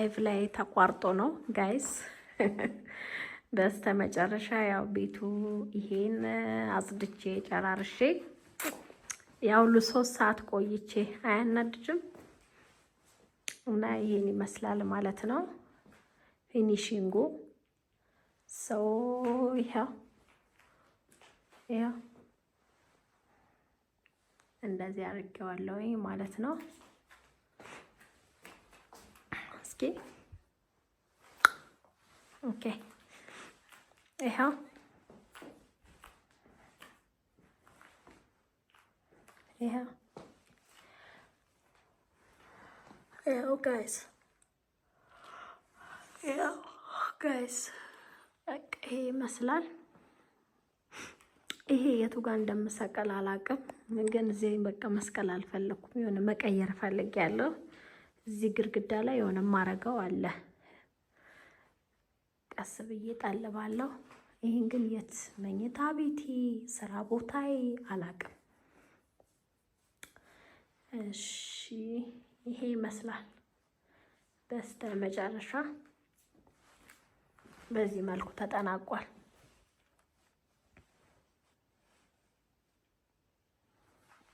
ላይቭ ላይ ተቋርጦ ነው ጋይስ። በስተ መጨረሻ ያው ቤቱ ይሄን አጽድቼ ጨራርሼ ያው ሶስት ሰዓት ቆይቼ አያናድጅም እና ይሄን ይመስላል ማለት ነው ፊኒሽንጉ ሰው ይኸው ይኸው እንደዚህ አድርጌዋለሁኝ ማለት ነው። እስኪ ኦኬ፣ ይኸው ይኸው ይኸው ጋይስ ይኸው ጋይስ በቃ ይሄ ይመስላል። ይሄ የቱ ጋር እንደምሰቀል አላውቅም፣ ግን እዚህ በቃ መስቀል አልፈለኩም። የሆነ መቀየር ፈልጌያለሁ። እዚህ ግድግዳ ላይ የሆነ ማረገው አለ። ቀስ ብዬ ጠልባለሁ። ይህን ግን የት መኝታ ቤቴ፣ ስራ ቦታዬ አላቅም። እሺ ይሄ ይመስላል። በስተ መጨረሻ በዚህ መልኩ ተጠናቋል።